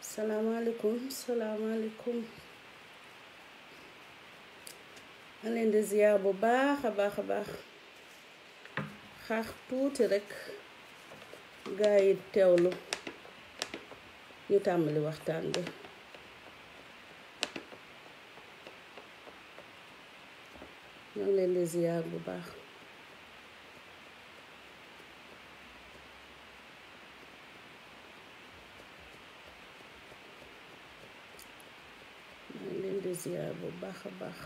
salaamaaleykum salaamaaleykum ma leen di ziar bu baax a baax a baax xaar tuuti rekk gaa yi teewlu ñu tàmbali waxtaan bi ñoo leen di ziyaar bu baax ñoo leen di ziyaar bu baax a baax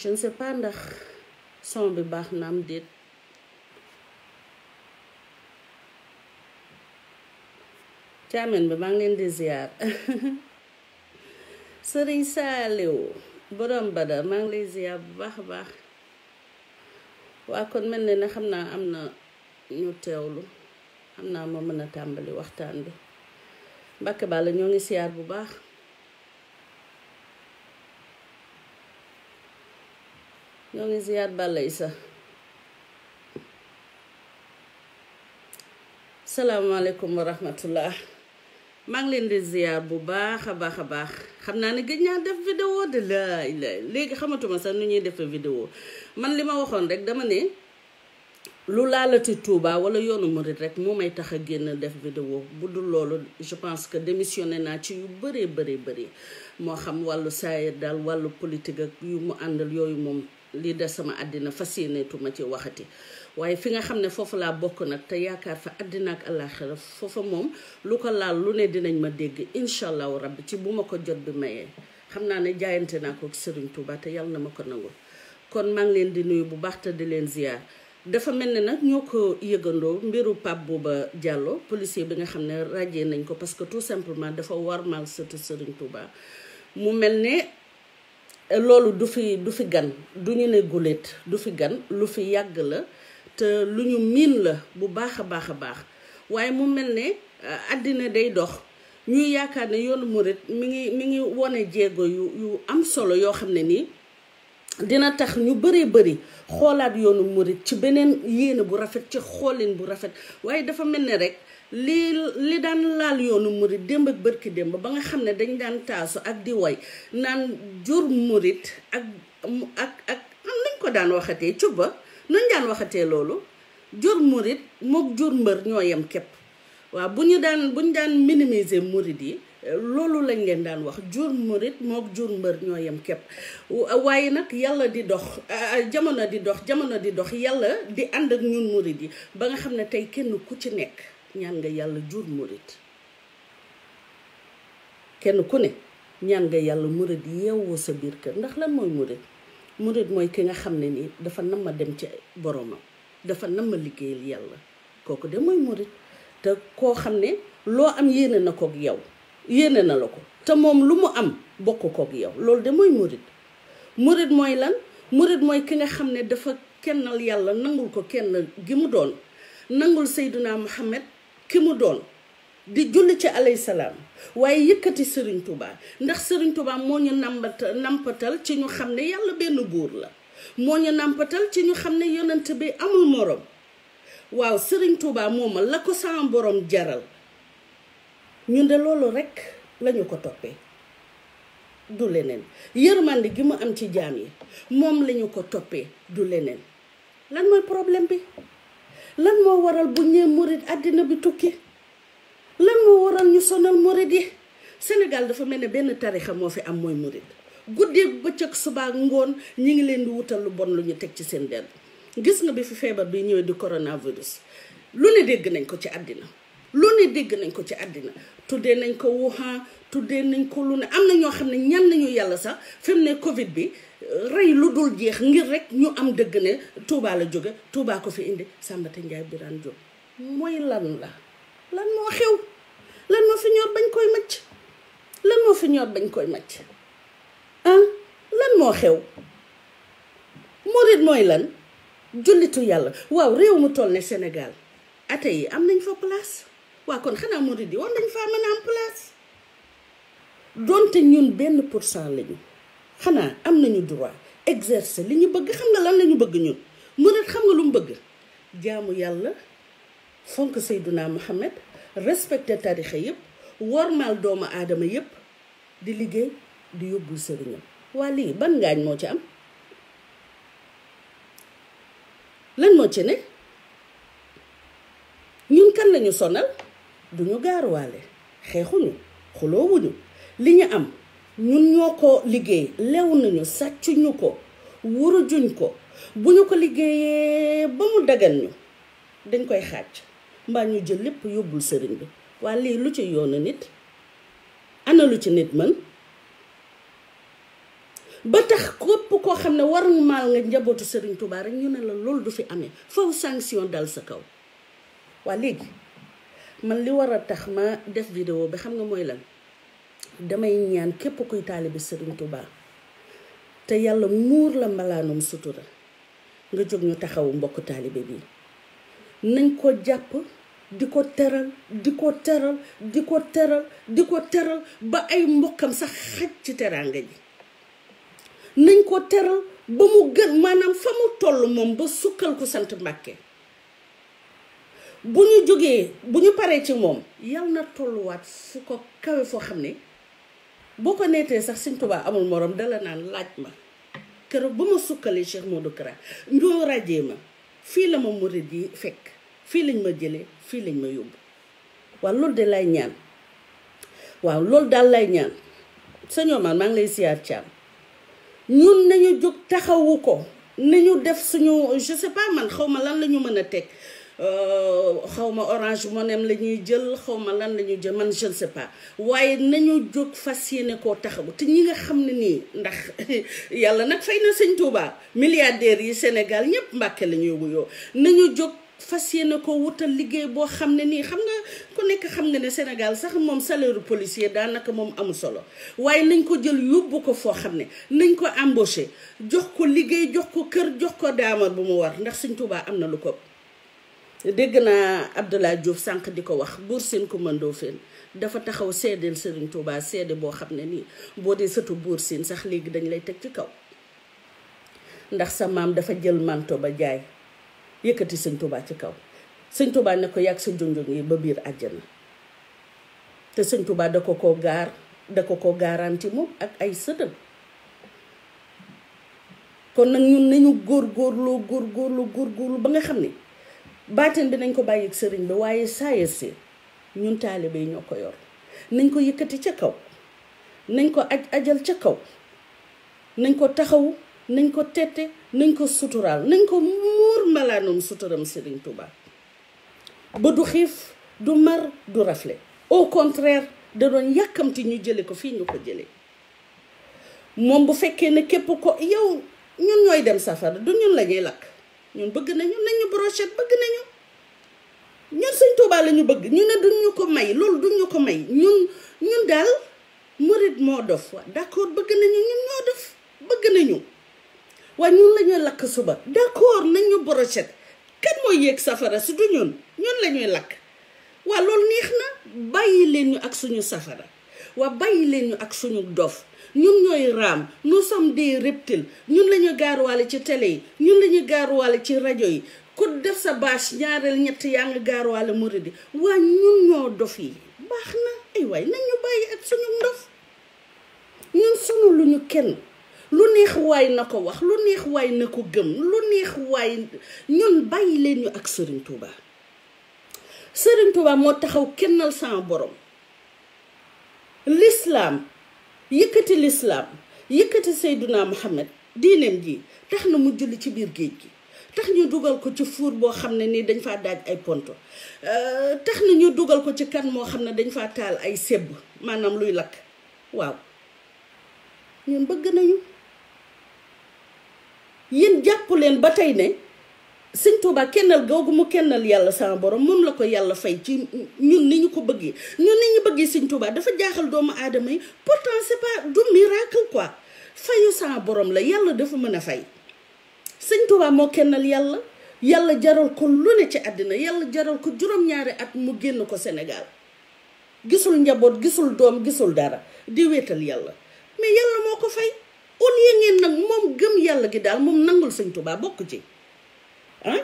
je ne pas ndax son bi baax na am càmmen bi maa ngi leen di ziar sëriñ saaliw borom badar maa ngi lay ziar bu baax a baax waa kon mel ne ne xam naa am na ñu teewlu xam naa ma mën a tàmbali waxtaan bi mbakk bàlla ñoo ngi ziar bu baax ñoo ngi ziar bàlla yi sax salaamaaleykum wa rahmatullah maa leen di ziar bu baax a baax a baax xam naa ne gën naa def vidéo de la léegi xamatuma sax nu ñuy defee vidéo man li ma waxoon rek dama ne lu laalati Touba wala yoonu murit rek moo may tax a génn def vidéo bu dul loolu je pense que démissionné naa ci yu bëree bëree bëri moo xam wàllu saayir daal wàllu politique ak yu mu àndal yooyu moom lii de sama àddina fas yéeneetuma ci waxati waaye fi nga xam ne foofu laa bokk nag te yaakaar fa àddina ak àllaaxira foofa moom lu ko laal lu ne dinañ ma dégg incha rab ci bu ma ko jot bi mayee xam naa ne jaayante naa ko ak Serigne Touba te yàlla na ma ko nangul kon maa ngi leen di nuyu bu baax te di leen ziar. dafa mel ne nag ñoo ko yëgandoo mbiru Pape Bouba jàlloo policier bi nga xam ne ràjjee nañ ko parce que tout simplement dafa warmal sëtu Serigne Touba mu mel ne loolu du fi du fi gan du ñu ne guléet du fi gan lu fi yàgg la. te lu ñu miin la bu baax a baax a baax waaye mu mel ne euh, àddina day dox ñu yaakaar ne yoonu morit mi ngi mi ngi wone jéego yu yu am solo yoo xam ne nii dina tax ñu bëree bari xoolaat yoonu murit ci beneen yéene bu rafet ci xoolin bu rafet waaye dafa mel ne rek li li daan laal yoonu murit démb ak bërki démb ba nga xam ne dañ daan taasu ak di woy naan jur morit ak ak ak nañ ko daan waxatee cubba nuñ daan waxatee loolu jur murit mook jur mbër ñoo yem képp waaw bu ñu daan buñ daan minimiser murit yi loolu lañ leen daan wax jur murit mook jur mbër ñoo yam képp waaye nag yàlla di dox jamono di dox jamono di dox yàlla di ànd ak ñun murit yi ba nga xam ne tey kenn ku ci nekk ñaan nga yàlla jur murit kenn ku ne ñaan nga yàlla murit yeewoo sa biir kër ndax lan mooy murit morit mooy ki nga xam ne nii dafa nam ma dem ci boromam dafa nam ma liggéeyal yàlla kooku de mooy murid te koo xam ne loo am yéene na kook yow yéene na la ko te moom lu mu am bokk kook yow loolu de mooy murid murid mooy lan murid mooy ki nga xam ne dafa kennal yàlla nangul ko kenn gi mu doon nangul Seyduna Muhammad ki mu doon di julli ci alay salaam waaye yëkkati sëriñ Touba ndax sëriñ Touba moo ñu nambatal nampatal ci ñu xam ne yàlla benn buur la moo ñu nàmpatal ci ñu xam ne yonent bi amul morom waaw sëriñ Touba mooma la ko sama borom jaral ñu de loolu rekk lañu ko toppee du leneen yërmande gi mu am ci jaam yi moom lañu ko toppee du leneen lan mooy problème bi lan moo waral bu ñee murit àddina bi tukki lan moo waral ñu sonal murid yi Sénégal dafa mel ne benn tarixa moo fi am mooy murid guddeeg bëccëg subaa ngoon ñi ngi leen di wutal lu bon lu ñu teg ci seen dell gis nga bi fi feebar bi ñëwee di coronavirus lu ne dégg nañ ko ci àddina lu ne dégg nañ ko ci àddina tuddee nañ ko Wuhan tuddee nañ ko lu ne am na ñoo xam ne ñan nañu yàlla sax fi mu ne Covid bi euh, rey lu dul jeex ngir rek ñu am dëgg ne Touba la jóge Touba ko fi indi Sambata Ndiaye Birane Diop mooy lan moo xew lan moo fi ñor bañ koy macc lan moo fi ñor bañ koy macc ah lan moo xew murit mooy lan jullitu yàlla waaw réew mu toll ne Sénégal ate yi am nañ fa place waaw kon xanaa murit yi war nañ faa mën a am place donte ñun benn pour cent lañu xanaa am nañu droit exercer li ñu bëgg xam nga lan la ñu bëgg ñun murit xam nga lu mu bëgg jaamu yàlla fonk Seyduna Muhammad respecté tarixa yëpp wormaal doomu aadama yëpp di liggéey di yóbbul sëriñam waa lii ban ngaañ moo ci am lan moo ci ne ñun kan lañu sonal du duñu gaaruwaale xeexuñu xuloowuñu li ñu am ñun ñoo ko liggéey lew nañu sàccuñu ko wurujuñ ko bu ñu ko liggéeyee ba mu dagal ñu dañ koy xaaj mbaa ñu jël lépp yóbbul sëriñ bi waa lii lu ci yoonu nit ana lu ci nit man ba tax képp koo xam ne waruñu maal nga njabootu sëriñ tubaa rek ñu ne la loolu du fi amee faw sanction dal sa kaw waa léegi man li war a tax ma def vidéo bi xam nga mooy lan damay ñaan képp kuy taalibi sëriñ tubaa te yàlla muur la mbalaanum sutura nga jóg ñu taxawu mbokk taalibe bi nañ ko jàpp di ko teral di ko tëral di ko tëral di ko teral ba ay mbokkam sax xaj ci teraanga ji nañ ko teral ba mu gën maanaam fa mu toll moom ba sukkal ko sant Mbàkke bu ñu jógee bu ñu paree ci moom yal na tolluwaat fu ko kawe foo xam ne boo ko neetee sax Sëñ Tuubaa amul moroom dala naan laaj ma keroog ba ma sukkalee Cheikh Modou Kara ñoo ràjjee ma fii la ma murid yi fekk fii lañ ma jëlee fii lañ ma yóbbu waaw loolu de lay ñaan waaw loolu daal lay ñaan sëñ man maa ngi lay siyaar Thiam ñun nañu jóg taxawu ko nañu def suñu je man xaw ma lan la ñu mën a teg euh, xaw ma orange monem la ñuy jël xawma ma lan la ñuy jël man je ne waaye nañu jóg fas yéene koo taxawu te ñi nga xam ne nii ndax yàlla nag fay na sëñ Touba milliardaires yi Sénégal ñëpp Mbàkke la ñuy wuyoo nañu jóg. fas yéene ko wutal liggéey boo xam ne nii xam nga ku nekk xam nga ne Sénégal sax moom salaire policier daanaka moom amul solo waaye lañ ko jël yóbbu ko foo xam ne nañ ko embauché jox ko liggéey jox ko kër jox ko daamar bu mu war ndax suñ Tuubaa am na lu ko dégg naa Abdoulaye Diouf sànq di ko wax buur siin ku mëndoo fen dafa taxaw seedeel Sëriñ Tuubaa seede boo xam ne nii boo dee sëtu buur siin sax léegi dañ lay teg ci kaw ndax sa maam dafa jël manto ba jaay yëkkati sëñ Touba ci kaw sëñ Touba ne ko yàgg sa jonjong yi ba biir àjjana te sëñ Touba da ko ko gaar da ko ko garanti moom ak ay sëtam kon nag ñun nañu góor góorloo góor góorlu góor góorlu ba nga xam ni baatin bi nañ ko bàyyi ak sëriñ bi waaye saaya si ñun taalibe ñoo ko yor nañ ko yëkkati ca kaw nañ ko aj ajal ca kaw nañ ko taxaw nañ ko tette nañ ko suturaal nañ ko muur mbalaanum suturam Serigne Touba ba du xiif du mar du rafle au contraire da doon yàkkamti ñu jële ko fii ñu ko jële moom bu fekkee ne képp ko yow ñun ñooy dem safara du ñun la ñuy lakk ñun bëgg nañu nañu brochette bëgg nañu ñun Sëñ Tuubaa la ñu bëgg ñu ne duñ ko may loolu duñ ñu ko may ñun ñun daal moo dof bëgg nañu ñun ñoo dof bëgg nañu waaye ñun la lakk suba d'accord nañu ñu brochette kan mooy yéeg safara si du ñun ñun la lakk waa loolu neex na bàyyi leen ñu ak suñu safara waa bàyyi leen ñu ak suñu dof ñun ñooy raam nous sommes des reptiles ñun la gaaruwaale ci télé yi ñun la gaaruwaale ci rajo yi ku def sa bâche ñaareel ñett yaa nga gaaruwaale muridi waa dof yi baax na ay ñun sunu lu ñu kenn lu neex waay na ko wax lu neex waay na ko gëm lu neex bàyyi leen ñu ak sëriñ Touba sëriñ Touba moo taxaw kennal sama borom l'islam yëkkati l'islam yëkkati Seyduna Muhammad diineem ji tax na mu julli ci biir géej gi tax ñu dugal ko ci fuur boo xam ne nii dañ fa daaj ay ponto euh, tax na ñu dugal ko ci kan moo xam ne dañ faa taal ay sebb maanaam luy lakk waaw ñun bëgg nañu yéen jàpp leen ba tey ne sëñ Tuuba kennal googu mu kennal yàlla sama borom moom la ko yàlla fay ci ñun ni ñu ko bëggee ñun ni ñu bëggee sëñ Tuuba dafa jaaxal doomu aadama yi pourtant c'est pas du miracle quoi fayu sama borom la yàlla dafa mën a fay sëñ Tuuba moo kennal yàlla yàlla jaral ko lu ne ci àddina yàlla jaral ko juróom-ñaari at mu génn ko Sénégal gisul njaboot gisul doom gisul dara di wéetal yàlla mais yàlla moo ko fay au lieu ngeen nag moom gëm yàlla gi daal moom nangul sañ Tuubaa bokk ci ah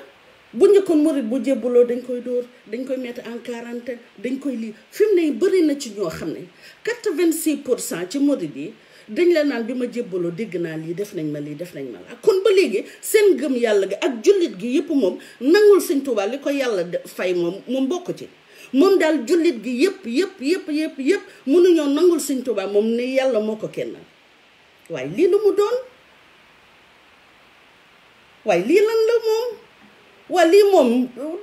bu njëkkoon murit bu jébbaloo dañ koy dóor dañ koy mettre en quarantaine dañ koy fi mu ne bëri na ci ñoo xam ne quatre-vingt-six pour ci murit yi dañ la naan bi ma jébbaloo dégg naa lii def nañ ma lii def nañ ma laa kon ba léegi seen yàlla gi ak jullit gi yëpp moom nangul sëñ Tuubaa li ko yàlla fay moom moom bokk ci moom daal jullit gi yëpp yëpp yëpp yëpp yëpp mënuñoo nangul sëñ Tuubaa moom ne yàlla moo ko kenn waaye lii lu mu doon waaye lii lan la moom waa lii moom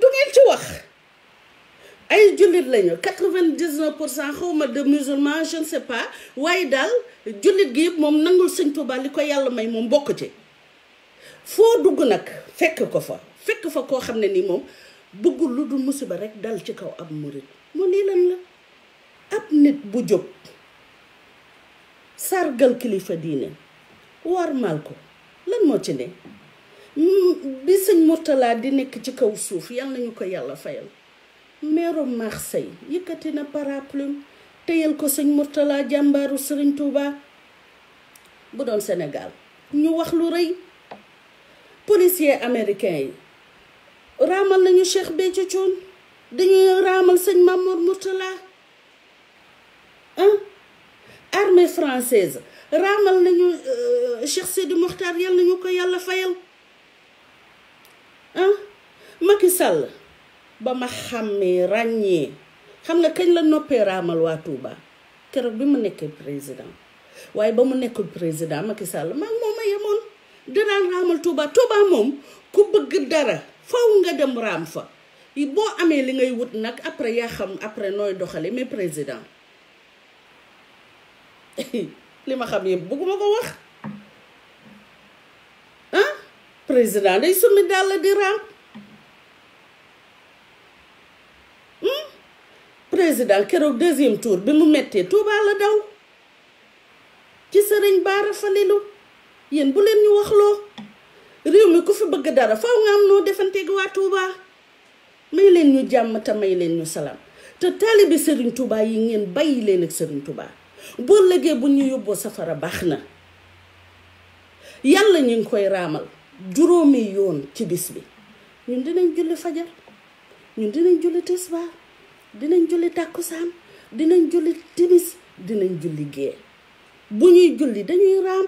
du ngeen ci wax ay jullit lañu quatre-vingt-dix-neuf pour cent xawma de musulmans je ne sais pas waaye daal jullit gi yëpp moom nangul sëñ Tuubaa li ko yàlla may moom bokk ci foo dugg nag fekk ko fa fekk fa koo xam ne nii moom bëggul lu dul musiba rek dal ci kaw ab murit moo lii lan la ab nit bu jóg sargal kilifa diine warmal ko lan moo ci ne mm, bi sëñ Murtala di nekk ci kaw suuf yàlla nañu ko yàlla fayal meeru Marseille yëkkati na paraplume tëyal ko sëñ Murtala jàmbaaru sëriñ Touba bu doon senegaal ñu wax lu rëy policier americain yi raamal nañu Cheikh Béthio Thioune dañuy raamal sëñ Mamour Murtala armée française raamal nañu euh, Cheikh Sidi Mokhtar yal nañu ko yàlla fayal ah Macky Sall ba ma xàmmee ràññee xam nga kañ la noppee raamal waa Touba keroog bi mu nekkee président waaye ba mu nekkul président Macky Sall maag moom a yemoon danaan raamal Touba Touba moom ku bëgg dara faw nga dem raam fa boo amee li ngay wut nag après yaa xam après nooy doxale mais président li ma xam yëpp bëgguma ko wax ah président day summi dàll di raam hmm? président keroog deuxième tour bi mu mettee Touba la daw ci sëriñ Baara Falilu yéen bu leen ñu waxloo réew mi ku fi bëgg dara faw nga am noo defanteeg waa Touba may leen ñu jàmm te may leen ñu salaam te taalibi sëriñ Touba yi ngeen bàyyi leen ak sëriñ Touba. boo lëgee bu ñu yóbboo safara baax na yàlla ñu ngi koy raamal juróomi yoon ci bis bi ñun dinañ julli fajar ñun dinañ julli tisbaar dinañ julli tàkkusaan dinañ julli timis dinañ julli gee bu ñuy julli dañuy raam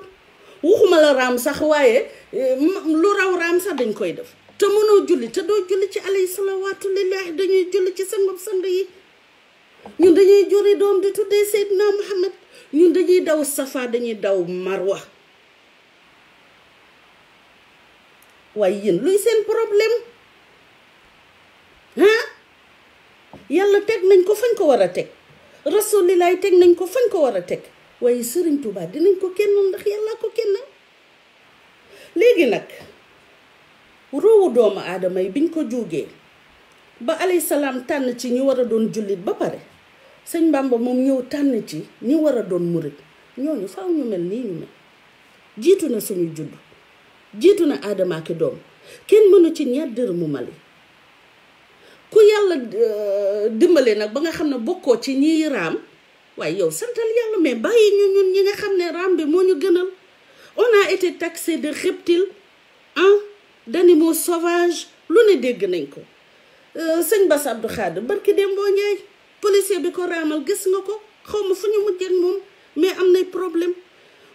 waxuma la raam sax waaye eh, lu raw raam sax dañ koy def te mënoo julli te doo julli ci alayhi salawaatu lillahi dañuy julli ci sangam sang yi ñun dañuy juri doom di tuddee Seydina Muhammad ñun dañuy daw safa dañuy daw marwa waaye yéen luy seen problème yàlla teg nañ ko fañ ko war a teg rasulilaay teg nañ ko fañ ko war a teg waaye sëriñ Tuubaa dinañ ko kenn ndax yàlla ko kenn léegi nag roowu doomu aadama yi biñ ko jógee ba alayhi salaam tànn ci ñu war a doon jullit ba pare sëñ Bamba moom ñëw tànn ci ñu war a doon murit ñooñu faw ñu mel nii ñu mel jiitu na suñu judd jiitu na aadama ak doom kenn mënu ci ñaar dër mu mali ku yàlla euh, dimbale nag ba nga xam ne bokkoo ci ñiy raam waaye yow santal yàlla mais bàyyi ñu ñun ñi nga xam ne raam bi moo ñu gënal on a été taxé de reptile ah sovage sauvages lu ne dégg nañ ko euh, sëñ Bass Abdou Khadre barki Dembo Ndiaye policier bi ko raamal gis nga ko xaw ma fu ñu mujjee moom mais am nay problème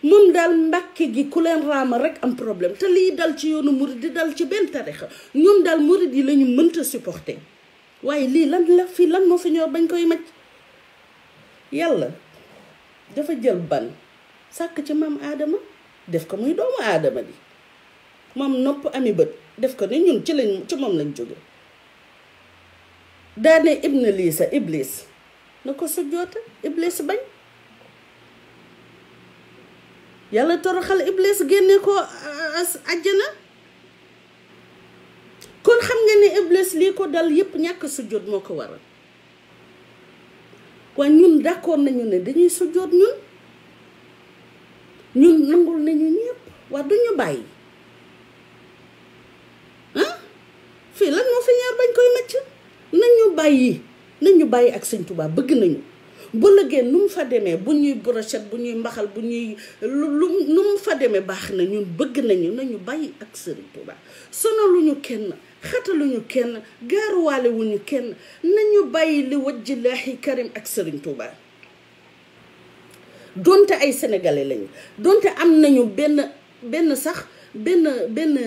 moom daal mbàkke gi ku leen raamal rek am problème te lii dal ci yoonu murid di dal ci benn tarixa ñoom daal murid yi la ñu mënta supporter waaye lii lan la fii lan moo fi ñor bañ koy maj yàlla dafa jël ban sàkk ci maam aadama def ko muy doomu aadama bi moom nopp ami bët def ko ne ñun ci lañ ci moom lañ jóge daane ibnaliisa iblis na ko sujjóota iblis bañ yàlla toroxal iblis génne ko àjjana kon xam nga ne iblis lii ko dal yépp ñàkk sujjóot moo ko waral waaye ñun d'accord nañu ne dañuy sujjóot ñun ñun nangul nañu ñëpp waa duñu bàyyi fii lan moo fi ñaar bañ koy macc nañu bàyyi nañu bàyyi ak sëñ Tuubaa bëgg nañu bu lëggee nu mu fa demee bu ñuy brochette bu ñuy mbaxal bu ñuy lu nu mu fa demee baax na ñu bëgg nañu nañu bàyyi ak sëriñ Tuubaa sonaluñu kenn xataluñu kenn gaaruwaale wuñu kenn nañu bàyyi li wajjilaahi karim ak sëriñ Tuubaa doonte ay sénégalais lañu donte am nañu benn benn sax benn benn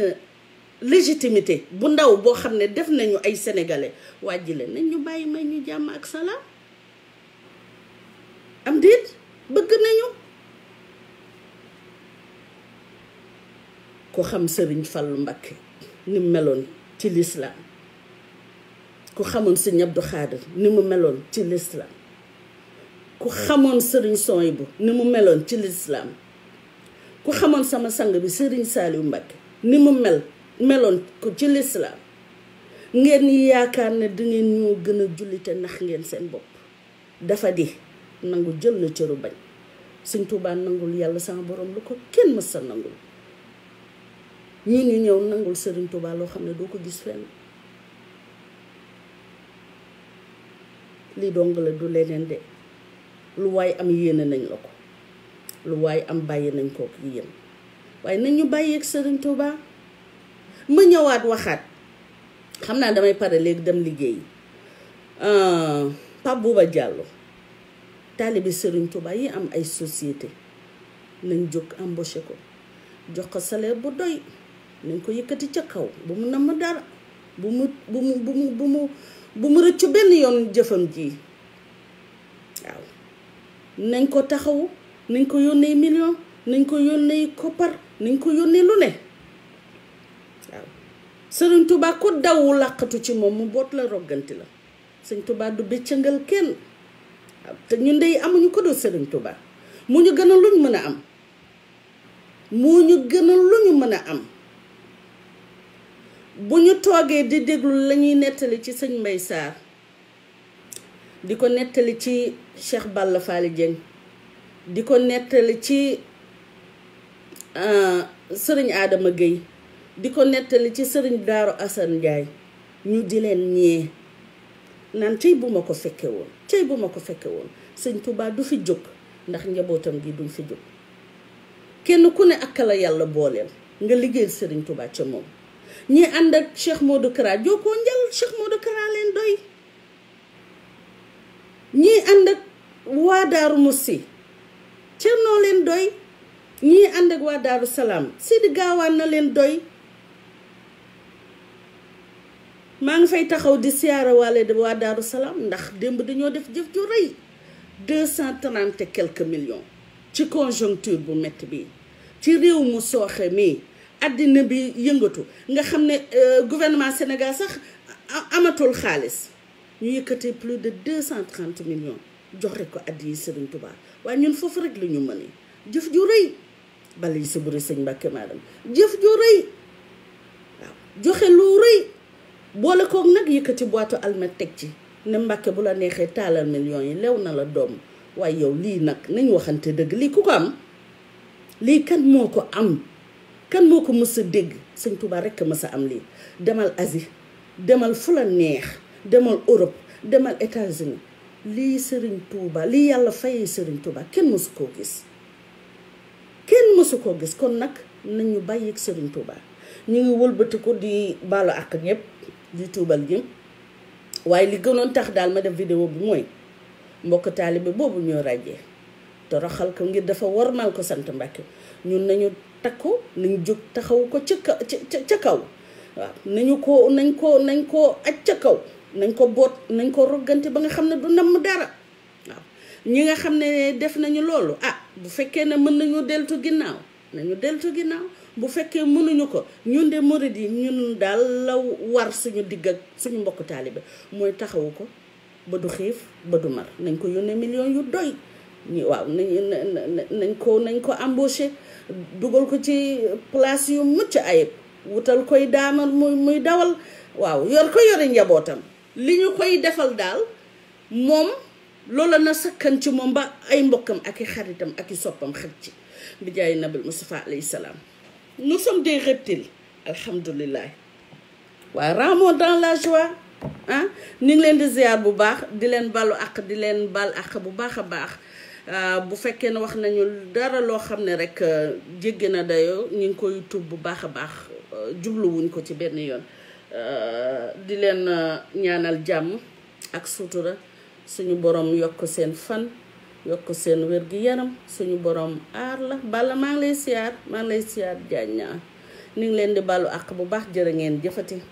légitimité bu ndaw boo xam ne def nañu ay sénégalais wàjji jile nañ ñu bàyyi may ñu jàmm ak salaam am déet bëgg nañu ku xam sëriñ Fallu Mbakke ni mu meloon ci lislaam ku xamoon sëriñ Abdu Xaadir ni mu meloon ci lislaam ku xamoon meloon ci lislaam ku xamoon sama sang bi sëriñ Saaliw Mbakke ni mu mel meloon ko ci lislaam ngeen yaakaar ne dangeen ñoo gën a jullite ndax ngeen seen bopp dafa di nangu jël na cëru bañ Sëñ Tuubaa nangul yàlla sama boroom lu ko kenn mës sa nangul ñii ngi ñëw nangul Sëriñ Tuubaa loo xam ne doo ko gis fenn li dong la du leneen de lu waay am yéene nañ la ko lu waay am bàyyi nañ ko yéen waaye nañu bàyyeeg Sëriñ Tuubaa ma ñëwaat waxaat xam naa damay pare léegi dem liggéey euh, Pape Bouba Diallo taalibe Serigne Touba yi am ay société nañ jóg embauché ko jox ko salaire bu doy nañ ko yëkkati ca kaw bu mu namm dara bu mu bu mu bu mu bu mu rëccu benn yoon jëfam ji waaw nañ ko taxaw nañ ko yónnee million nañ ko yónnee koppar nañ ko yónnee lu ne sëriñ Touba ku daw làqatu ci moom mu boot la rogganti la sëñ Touba du bëccëngal kenn te ñun dey amuñu ko doo sëriñ Touba mu ñu gën a luñ mën a am mu ñu gën a luñu mën a am bu ñu toogee di déglu la ñuy nettali ci sëñ Mbay Saar di ko nettali ci Cheikh Balla Faali Dieng di ko nettali ci euh, sëriñ aadama géy di ko nettali ci sëriñ daaru Assane Ndiaye ñu di leen ñee naan cey bu ma ko fekke woon cey bu ma ko fekke woon sëñ Touba du fi jóg ndax njabootam gi duñ fi jóg kenn ku ne ak la yàlla booleel nga liggéey sëriñ Touba ca moom ñi ànd ak Cheikh Modou Kara ko njal Cheikh Modou leen doy ñii ànd ak waa Daaru Musi Cerno leen doy ñii ànd ak waa Daaru Salaam Sidi Gaawaan na leen doy maa ngi fay taxaw di siyaara waale waa Daaru Salaam ndax démb dañoo def jëf ju rëy deux cent trente et million millions ci conjoncture bu métti bi ci réew mu sooxe mii àddina bi yëngatu nga xam ne euh, gouvernement Sénégal sax amatul xaalis ñu yëkkatee plus de deux cent trente millions joxe ko addiya Sëriñ Tuubaa waaye ñun foofu rek la ñu mëne jëf ju rëy bala yi sa buri sëñ Mbàkke maadam jëf ju rëy joxe lu rëy boole kook nag yëkkati boitu almet teg ci ne mbàkke bu la neexee taalal millions yi lew na la doom waaye yow lii nag nañ waxante dëgg lii ku ko am lii kan moo ko am kan moo ko mës a dégg sëñ Tuubaa rekk mës a am lii demal asi demal fu la neex demal Europe demal États-Unis lii sëriñ Tuubaa lii yàlla fayee sëriñ Tuubaa kenn mësu koo gis kenn mësu koo gis kon nag nañu bàyyi ak sëriñ Tuubaa ñu ngi wëlbatiku di baalu àq ñëpp di tuubal gi waaye li gënoon tax daal ma def vidéo bu mooy mbokk taalibe boobu ñoo ràjjee toroxal ko ngir dafa war wormal ko sant Mbàkke ñun nañu ko nañ jóg taxaw ko ca kaw ca kaw waaw nañu ko nañ ko nañ ko aj ca kaw nañ ko boot nañ ko roggante ba nga xam ne du namm dara waaw ñi nga xam ne def nañu loolu ah bu fekkee ne mën nañu deltu ginnaaw nañu deltu ginnaaw bu fekkee mënuñu ko ñun de murid yi ñun daal la war suñu digg ak suñu mbokku taalibe mooy taxawu ko ba du xiif ba du mar nañ ko yónnee millions yu doy ñu waaw nañ nañ ko nañ ko embauché dugal ko ci place yu mucc ayib wutal koy daamal muy muy dawal waaw yor ko yore njabootam li ñu koy defal daal moom loola na sakkan ci moom ba ay mbokkam ak i xaritam ak i soppam xaj ci bi jaay nabil Mustafa alayhi nous sommes des reptiles alhamdulilah waaye ramons dans la joie ah ñu leen di bu baax di leen balu àq di leen bal àq bu baax a baax euh, bu fekkee ne wax nañu dara loo xam ne rek euh, jéggi na dayoo ñu ngi koy tuub bu baax a baax euh, jubluwuñ ko ci benn yoon di leen ñaanal jàmm ak sutura suñu boroom yokk seen fan yokk seen wér gi yaram suñu borom aar la bala maa ngi lay siyaar maa ngi ngi leen di balu àq bu baax jërë ngeen jëfati